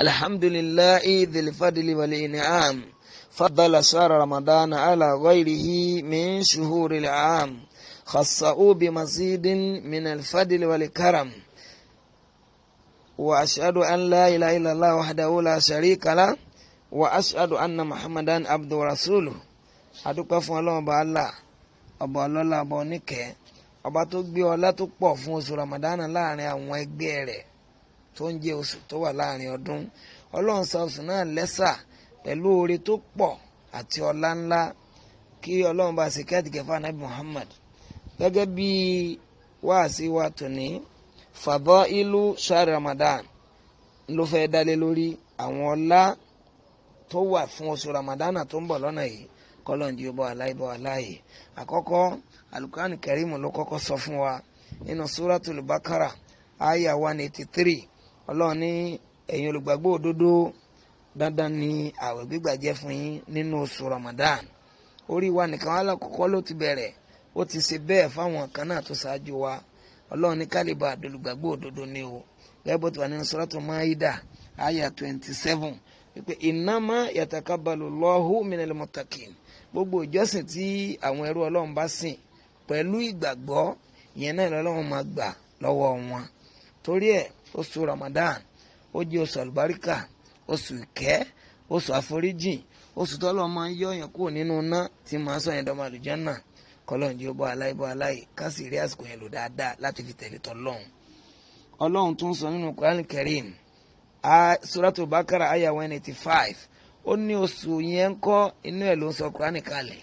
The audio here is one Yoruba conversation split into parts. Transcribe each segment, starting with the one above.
alhamdulillahi dhil fadli wal in'am fadala sara ramadana ala ghairihi min shuhuril am khasa'u bimasidin min alfadli wal karam وأشهد أن لا إله إلا الله وحده لا شريك له وأشهد أن محمدا عبده ورسوله adúpẹ́ fún ọlọ́run ọba Allah ọba ọlọ́lá ọba oníkẹ́ ọba tó gbé ọlá tó pọ̀ fún oṣù Ramadan láàrin àwọn ẹgbẹ́ rẹ̀ tó ń jẹ́ oṣù tó wà láàrin ọdún ọlọ́run sa oṣù náà lẹ́sà pẹ̀lú oore tó pọ̀ àti ọlá ńlá kí ọlọ́run bá ṣe kẹ́ẹ̀tì kẹfà nàbì Muhammad gẹ́gẹ́ bí wáàsí wa tòní fàbọ́ ìlú sáré Ramadan ló fẹ́ dálé lórí àwọn ọlá tó wà fún oṣù Ramadan tó ń bọ̀ lọ́nà yìí kọ́lọ́n di ọba aláìbọ̀ aláì àkọ́kọ́ alukani kẹrìmù ló kọ́kọ́ sọ fún wa nínú Bakara aya one eighty three ọlọ́run ní ẹ̀yin olùgbàgbọ́ òdodo dandan ni àwẹ̀ gbígbà jẹ́ fún yín nínú oṣù Ramadan orí wa nìkan alákọ̀ọ́kọ́ ló ti bẹ̀rẹ̀ ó ti ṣe bẹ́ẹ̀ fáwọn kan náà tó ṣáájú wa ọlọ́run ní kálíbà àdolùgbàgbọ́ òdodo ni o gẹ́gẹ́ bó ti wà nínú Suratul Maida àyà twenty seven wípé innama yataqabbalu Allahu minal muttaqin gbogbo ìjọsìn tí àwọn ẹrú ọlọ́run bá sìn pẹ̀lú ìgbàgbọ́ ìyẹn náà lọ́lọ́run máa gbà lọ́wọ́ wọn torí ẹ̀ oṣù Ramadan ó jẹ́ oṣù àlùbáríkà oṣù ìkẹ́ oṣù àforíjì oṣù tọ́lọ́ máa ń yọ kúrò nínú iná tí màá sọ yẹn dọ́mọ àlùjànnà kọlọ́run jẹ́ bọ́ aláì bọ́ aláì ká sì rí àsìkò yẹn lò dáadáa láti fi tẹ̀lé ọlọ́run tún sọ nínú suratul Bakara one eighty five ó ní inú ẹ̀ ló sọ kalẹ̀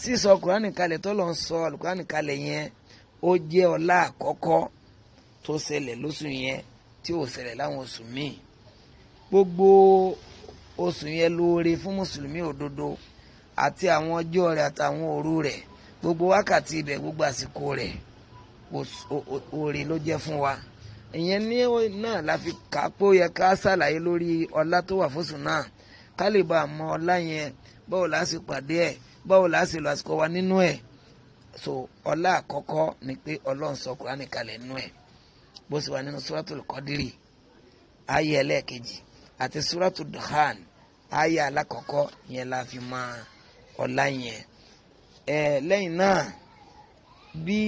sísọ kalẹ̀ sọ kalẹ̀ yẹn tó ṣẹlẹ̀ lóṣù yẹn tí ò ṣẹlẹ̀ láwọn oṣù míì gbogbo oṣù yẹn lóore fún mùsùlùmí òdodo àti àwọn ọjọ́ rẹ̀ àtàwọn òru rẹ̀ gbogbo wákàtí ibẹ̀ gbogbo àsìkò rẹ̀ oore ló jẹ́ fún wa ìyẹn ní náà la fi kà pé ó yẹ ká ṣàlàyé lórí ọlá tó wà fóṣù náà ká lè bá a mọ ọlá yẹn báwo la ṣe pàdé ẹ̀ báwo la ṣe lọ àsìkò wa nínú ẹ̀ so ọlá àkọ́kọ́ ni pé ọlọ́run sọ Kùránì nínú ẹ̀ bó sì wà nínú suratul Qadiri ayé ẹlẹ́ẹ̀kejì àti suratul Dukhan ayé alákọ̀ọ́kọ́ yẹn la fi mọ ọlá yẹn. ẹ lẹ́yìn náà bí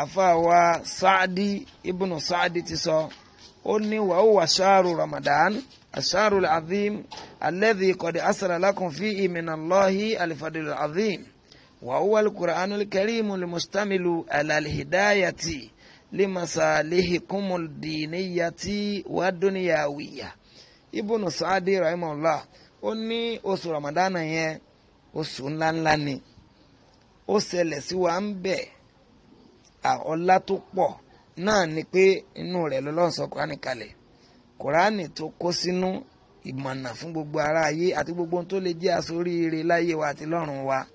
àfàwà Saadi ibnu Saadi ti sọ ó ní wa huwa shahru Ramadan ashahru al-azim alladhi qad asra lakum fihi minallahi al-fadl al-azim wa huwa al al limasalihikumul diniyati wa duniyawiya ibùnú sáádé rahimahullah ó ní oṣù ramadana yẹn oṣù ńláńlá ni o ṣẹlẹ̀ sí wa ń a ọlá tó pọ̀ náà ni pé inú rẹ̀ lọ́lọ́run sọ kúránì kalẹ̀ fún gbogbo ayé àti gbogbo wa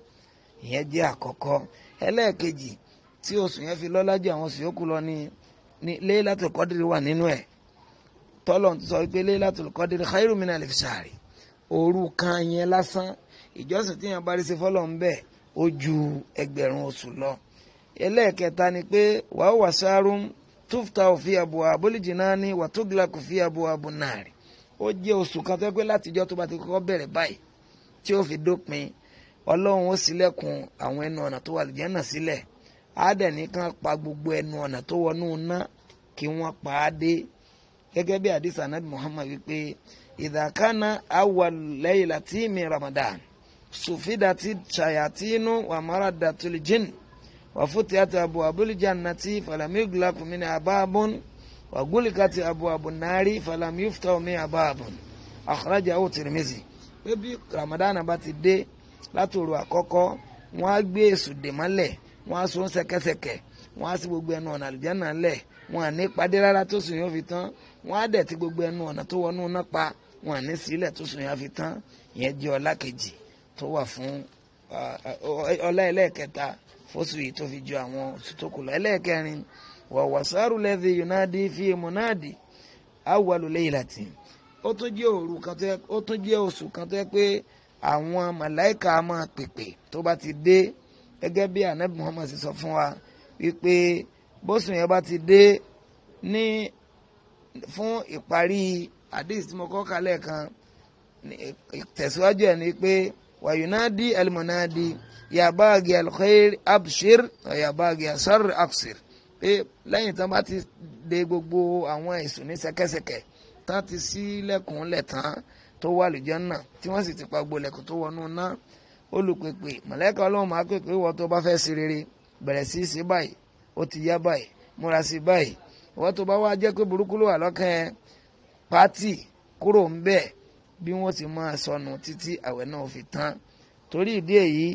àti tí oṣù yẹn fi lọ́lá ju àwọn oṣù yòókù lọ ní ni Laylatul Qadri wà nínú ẹ̀ tọ́lọ̀ ti sọ pé Laylatul Qadri khairu min alif shahri òru kan yẹn lásán ìjọsìn tí yẹn bá rí sí fọ́lọ́ ń bẹ̀ ó ju ẹgbẹ̀rún oṣù lọ. ẹlẹ́ẹ̀kẹta ni pé wàá wà sáárùn túfta òfin àbò àbólíjìnnà ni wàtúgìlà kò fi àbò àbò náà rí ó jẹ́ oṣù kan tó pé látijọ́ tó bá ti kọ́kọ́ bẹ̀rẹ̀ báyìí tí ó fi dópin ọlọ́run ó ṣílẹ̀kùn àwọn ẹnu ọ̀nà tó wà lùjẹ́ náà sílẹ̀ àádẹ́ni kan pa gbogbo ẹnu ọ̀nà tó wọnú ná kí wọ́n pa á dé gẹ́gẹ́ bí àdìsá nàbì Muhammad wípé ìdàkánná awwal laylati min Ramadan sùfídàtì ṣàyàtìnú wàmáràdàtúlì jìn wàfútìyàtì abu abúlìjànàtì fàlàmígùlákù mi ní abáàbùn wàgúlìkàtì abu Abunari fàlàmífùtàwù mi abáàbùn àkàràjà ó Tirmizi pé bí Ramadan bá ti dé látòrò àkọ́kọ́ wọ́n á gbé èṣù dè wọ́n á sún sẹ́kẹ́sẹ́kẹ́ wọ́n á sí gbogbo ẹnu ọ̀nà àlùjáná lẹ̀ wọ́n á ní padé rárá tó sùn yóò fi tán wọ́n á dẹ̀ ti gbogbo ẹnu ọ̀nà tó wọnú náà pa wọ́n á ní sílẹ̀ tó sùn yóò fi tán ìyẹn jẹ́ ọlá kejì tó wà fún ọlá ẹlẹ́ẹ̀kẹta fóṣù yìí tó fi ju àwọn oṣù tó kù lọ ẹlẹ́ẹ̀kẹrin wọ̀wọ̀sárù lẹ́dí yunadi fi munadi awololẹ́ ìlàtì ó tún jẹ́ òru kan tó yẹ ó tún jẹ́ oṣù kan tó yẹ pé àwọn màláìka máa pèpè tó bá ti dé gẹ́gẹ́ bí anabi muhammad sọ fún wa wípé bóṣùn yẹn bá ti dé ní fún ìparí hadith tí mo kọ́ kalẹ̀ kan tẹ̀síwájú ẹ̀ ni pé wàyúnádì alimọ̀nádì yàbáàgì alkhair abshir yàbáàgì asar abshir pé lẹ́yìn tán bá ti de gbogbo àwọn ẹ̀sùn ní ṣẹ̀kẹ̀ṣẹ̀kẹ̀ tán ti ṣílẹ̀kùn lẹ̀ tán tó wà lùjọ́ náà tí wọ́n sì ti pa gbolẹ̀kùn tó wọnú náà olùpèpè mọ̀lẹ́kà ọlọ́run máa pèpè wọ́n tó bá fẹ́ sí rere bẹ̀rẹ̀ sí í sí báyìí ó ti yá báyìí múra sí báyìí wọ́n tó bá wá jẹ́ pé burúkú ló wà lọ́kàn ẹ pátì kúrò ń bẹ̀ bí wọ́n ti máa sọnù títí àwẹ̀ náà fi tán torí ìdí èyí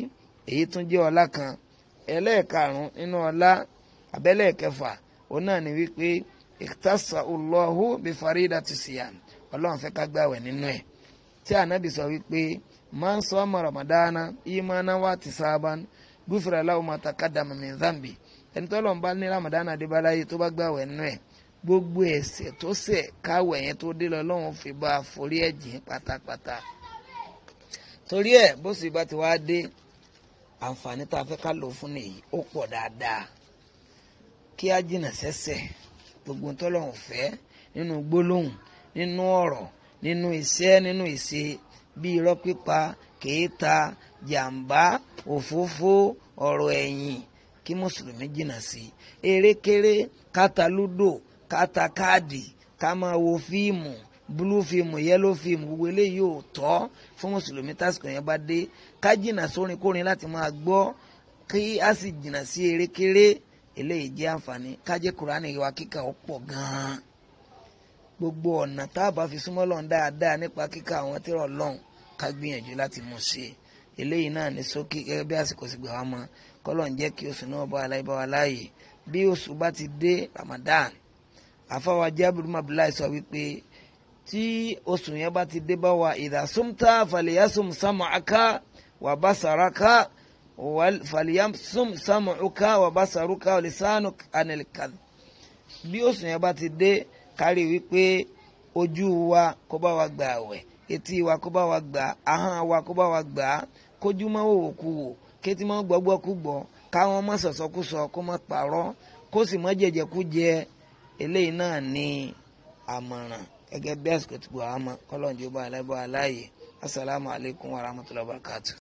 èyí tún jẹ́ ọlá kan ẹlẹ́ẹ̀karùn-ún nínú ọlá abẹ́lẹ́ẹ̀kẹfà òun náà ni wípé ìtàsà Allahu bí faridati siyam ọlọ́run fẹ́ ká gbàwẹ̀ nínú ẹ̀ tí ànábì sọ wípé man soma ramadana imana wa tisaban gufira lahu ma taqaddama min dhanbi ẹni tọ́lọ̀ ń bá ní ramadana adébáláyé tó bá gbàwẹ̀ nínú ẹ̀ gbogbo ẹ̀ṣẹ̀ tó ṣẹ̀ káwẹ̀ yẹn tó dé lọ lọ́hùn fi bá a forí ẹ̀ jìn pátápátá torí ẹ̀ bó sì bá ti wá dé àǹfààní tá a fẹ́ ká lò fún nìyí ó pọ̀ dáadáa kí a jìnà sẹ́ṣẹ̀ gbogbo tọ́lọ̀ ń fẹ́ nínú gbólóhùn nínú ọ̀rọ̀ nínú iṣẹ́ nínú ìṣe bí irọ́ pípa kèéta jàǹbá òfófó ọ̀rọ̀ ẹ̀yìn kí mùsùlùmí jìnnà sí i erékeré káta lúdò káta káàdì ká máa wo fíìmù blue fíìmù yellow fíìmù gbogbo eléyìí ò tọ́ fún mùsùlùmí tásìkò yẹn bá dé ká jìnnà sórin kórin láti máa gbọ́ kí a sì jìnnà sí erékeré eléyìí jẹ́ àǹfààní ká jẹ́ kúránì wa kíkà ó pọ̀ gan-an gbogbo ọ̀nà tá a bá fi súnmọ́ lọ́n dáadáa nípa kíkà àwọn tírà Ọlọ́run ká gbìyànjú láti mú sí i eléyìí náà ní sókè gẹ́gẹ́ bí àsìkò sì gbà wá mọ́ kọ́lọ̀ ń jẹ́ kí oṣù náà bá aláì bá wa láàyè bí oṣù bá ti dé Ramadan àfáwà jábìrì mabdulayi sọ wípé tí oṣù yẹn bá ti dé bá wa ìdásúmtà fàlìyásùm sàmù aká wà bá sàràká fàlìyásùm sàmù uká wà bá sàrúká lisanu anilkan bí oṣù yẹn bá ti dé kárí wípé ojú wa kó bá wa gbà àwẹ̀ etí wa kó bá wa gbà ahọ́n wa kó bá wa gbà kójú mọ́ òwò kú wò kétí mọ́ gbọ́gbọ́ kú gbọ́ káwọn mọ́ sọ̀sọ́kúsọ kó mọ́ pààrọ̀ kó sì mọ́ jẹ̀jẹ̀kújẹ eléyìí náà ní àmọ̀ràn gẹ́gẹ́ bí àsìkò tí gbọ́ àmọ́ kọ́lọ́ọ̀dì bá aláìbọ̀ aláàyè asalaamualeykum wa rahmatulahi wa barakatu.